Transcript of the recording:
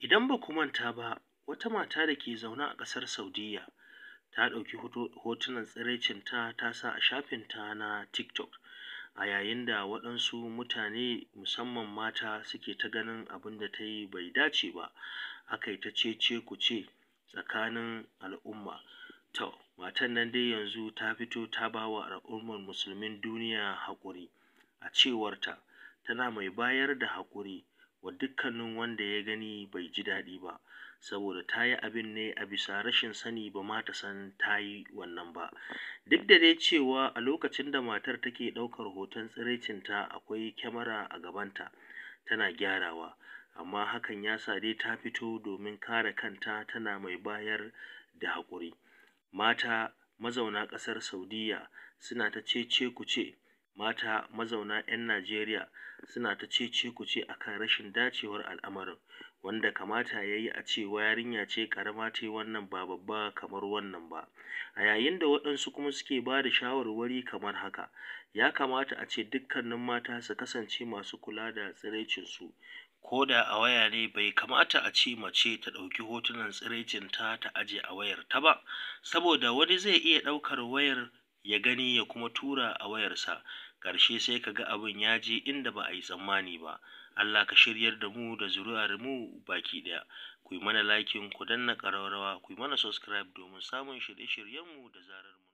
Idan ba ku manta ba, wata mata da ke zaune a ƙasar Saudiyya ta ɗauki hotunan tsiraicinta ta sa a shafin ta na TikTok, a yayin da waɗansu mutane musamman mata suke ta ganin abin da ta yi bai dace ba, aka yi ta ce-ce-ku-ce tsakanin al'umma. To, matan nan dai yanzu ta fito ta ba wa al'ummar Musulmin duniya haƙuri, a cewarta, tana mai bayar da haƙuri. wa dukkanin wanda ya gani bai ji daɗi ba saboda ta yi abin ne a bisa rashin sani ba ma ta san ta yi wannan ba duk da dai cewa a lokacin da matar take ɗaukar hoton tsiraicinta akwai kyamara a gabanta tana gyarawa amma hakan ya sa dai ta fito domin kare kanta tana mai bayar da haƙuri mata mazauna ƙasar Saudiyya suna ta cece ce!" mata mazauna 'yan Najeriya suna ta cece ce a kan rashin dacewar al'amarin, wanda kamata ya yi a ce yarinya ce ƙarama ce wannan ba babba kamar wannan ba, a yayin da waɗansu kuma suke ba da shawarwari kamar haka: Ya kamata a ce dukkanin mata su kasance masu kula da tsiraicinsu ko da a waya ne bai kamata a ce mace ta ɗauki hotunan tsiraicinta ta aje a wayarta ba, saboda wani zai iya ɗaukar wayar ya gani ya kuma tura a wayarsa. ƙarshe sai ka ga abin ya je inda ba a yi tsammani ba Allah ka shiryar da mu da zuri'ar mu baki ɗaya ku yi mana likin ku danna ƙararrawa ku yi mana subscribe domin samun shirye-shiryenmu da zarar mu